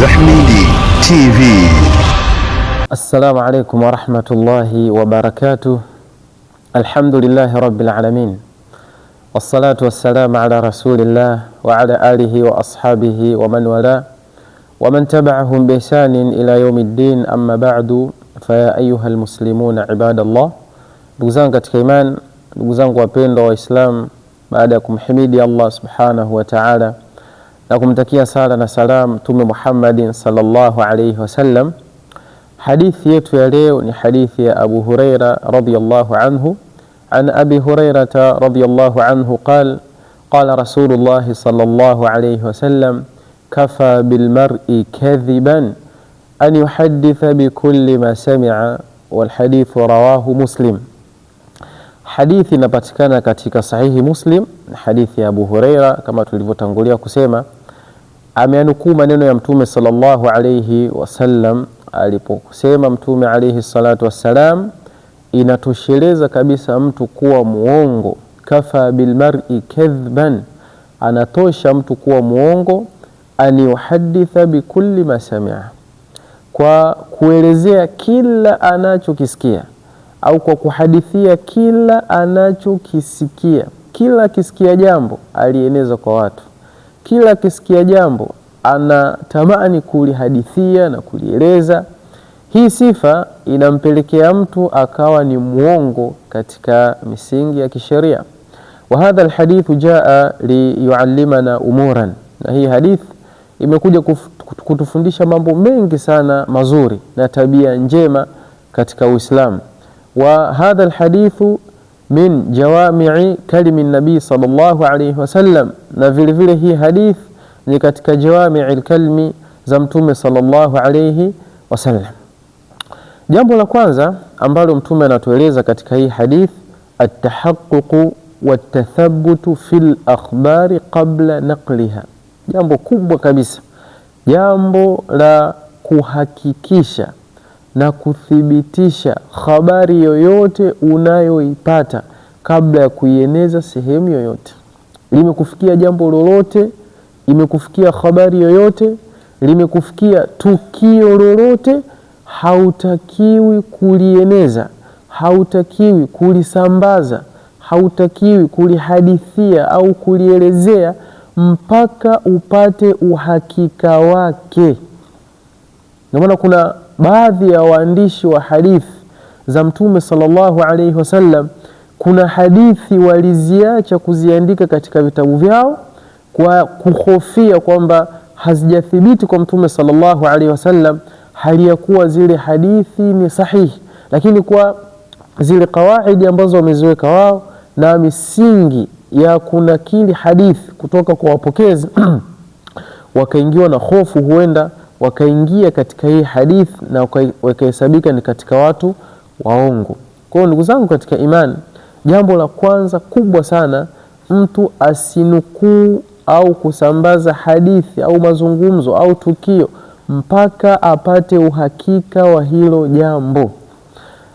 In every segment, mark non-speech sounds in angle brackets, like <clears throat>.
الزحميلي تي في السلام عليكم ورحمة الله وبركاته الحمد لله رب العالمين والصلاة والسلام على رسول الله وعلى آله وأصحابه ومن والاه ومن تبعهم بإحسان إلى يوم الدين أما بعد فيا أيها المسلمون عباد الله ndugu zangu katika imani ndugu zangu wapendwa waislamu baada ya kumhimidi na kumtakia sala na salam Mtume Muhammadin sallallahu alayhi wasallam. Hadithi yetu ya leo ni hadithi ya Abu Huraira radhiyallahu anhu an Abi Hurairata radhiyallahu anhu qal qala Rasulullah sallallahu alayhi wasallam kafa bilmar'i kadhiban an yuhaditha bikulli ma sami'a wal hadithu rawahu Muslim. Hadithi inapatikana katika sahihi Muslim, hadithi ya Abu Huraira kama tulivyotangulia kusema ameanukuu maneno ya Mtume sallallahu alayhi wasallam aliposema Mtume alayhi salatu wassalam, inatosheleza kabisa mtu kuwa muongo, kafa bilmar'i kadhban, anatosha mtu kuwa muongo, an yuhaditha bikuli ma sami'a, kwa kuelezea kila anachokisikia au kwa kuhadithia kila anachokisikia. Kila akisikia jambo alieneza kwa watu, kila akisikia jambo anatamani kulihadithia na kulieleza. Hii sifa inampelekea mtu akawa ni mwongo katika misingi ya kisheria. wa hadha alhadithu jaa liyuallimana umuran, na hii hadith imekuja kutufundisha mambo mengi sana mazuri na tabia njema katika Uislamu. wa hadha alhadithu min jawamii kalimi nabii sallallahu alayhi wasallam, na vilevile hii hadith ni katika jawamii lkalmi za Mtume sallallahu alayhi wasallam. Jambo la kwanza ambalo Mtume anatueleza katika hii hadith, at-tahaqquq fi lakhbari qabla naqliha, jambo kubwa kabisa, jambo la kuhakikisha na kuthibitisha habari yoyote unayoipata kabla ya kuieneza sehemu yoyote. Limekufikia jambo lolote imekufikia habari yoyote, limekufikia tukio lolote, hautakiwi kulieneza, hautakiwi kulisambaza, hautakiwi kulihadithia au kulielezea mpaka upate uhakika wake. Ndio maana kuna baadhi ya waandishi wa hadithi za Mtume sallallahu alaihi wasallam, kuna hadithi waliziacha kuziandika katika vitabu vyao kwa kuhofia kwamba hazijathibiti kwa Mtume sallallahu alaihi wasallam, hali ya kuwa zile hadithi ni sahihi, lakini kwa zile kawaidi ambazo wameziweka wao na misingi ya kunakili hadithi kutoka kwa wapokezi <clears throat> wakaingiwa na hofu, huenda wakaingia katika hii hadithi na wakahesabika ni katika watu waongo. Kwa hiyo ndugu zangu katika imani, jambo la kwanza kubwa sana, mtu asinukuu au kusambaza hadithi au mazungumzo au tukio mpaka apate uhakika wa hilo jambo.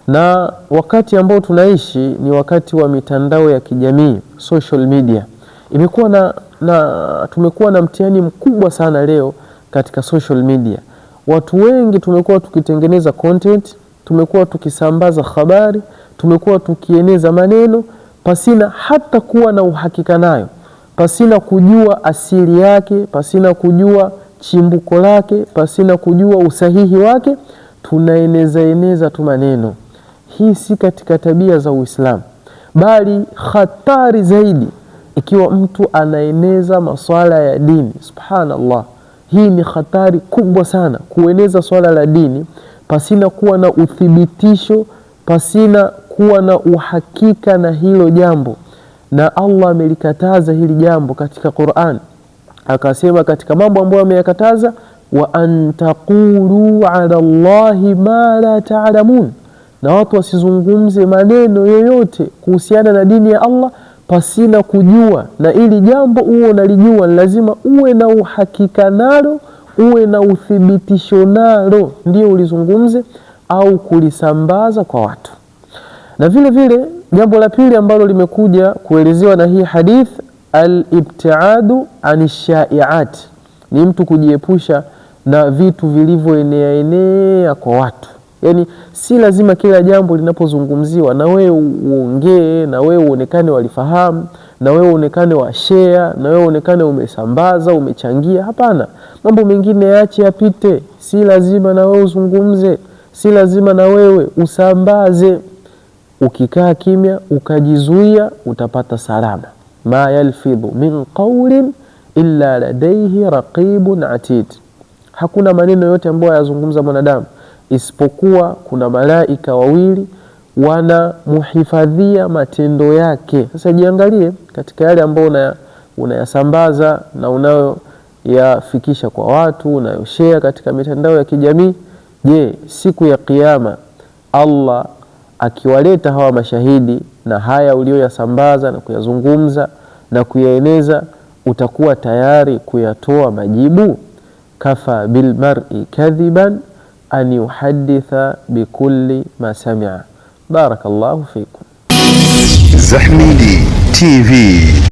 Na wakati ambao tunaishi ni wakati wa mitandao ya kijamii, social media imekuwa na, na tumekuwa na mtihani mkubwa sana leo katika social media. Watu wengi tumekuwa tukitengeneza content, tumekuwa tukisambaza habari, tumekuwa tukieneza maneno pasina hata kuwa na uhakika nayo pasina kujua asili yake, pasina kujua chimbuko lake, pasina kujua usahihi wake, tunaeneza eneza tu maneno. Hii si katika tabia za Uislamu, bali hatari zaidi ikiwa mtu anaeneza maswala ya dini. Subhanallah, hii ni hatari kubwa sana, kueneza swala la dini pasina kuwa na uthibitisho, pasina kuwa na uhakika na hilo jambo na Allah amelikataza hili jambo katika Qur'an, akasema katika mambo ambayo ameyakataza, wa antaqulu ala Allahi ma la ta'lamun, na watu wasizungumze maneno yoyote kuhusiana na dini ya Allah pasina kujua, na ili jambo uwe unalijua lazima uwe na uhakika nalo, uwe na uthibitisho nalo, ndio ulizungumze au kulisambaza kwa watu na vile vile Jambo la pili ambalo limekuja kuelezewa na hii hadith, al-ibtiadu ani shaiat, ni mtu kujiepusha na vitu vilivyoenea enea kwa watu. Yani si lazima kila jambo linapozungumziwa na wewe uongee, na wewe uonekane walifahamu, na wewe uonekane wa na wewe uonekane umesambaza, umechangia. Hapana, mambo mengine yache yapite, si lazima na wewe uzungumze, si lazima na wewe usambaze ukikaa kimya ukajizuia utapata salama. ma yalfidhu min qawlin illa ladayhi raqibun atid, hakuna maneno yote ambayo yazungumza mwanadamu isipokuwa kuna malaika wawili wanamhifadhia matendo yake. Sasa jiangalie katika yale ambayo unayasambaza na unayoyafikisha kwa watu, unayoshea katika mitandao ya kijamii. Je, siku ya Kiyama Allah akiwaleta hawa mashahidi na haya ulioyasambaza na kuyazungumza na kuyaeneza, utakuwa tayari kuyatoa majibu? Kafa bilmari kadhiban an yuhaditha bikuli ma samia. Barakallahu fikum. Zahmidi TV.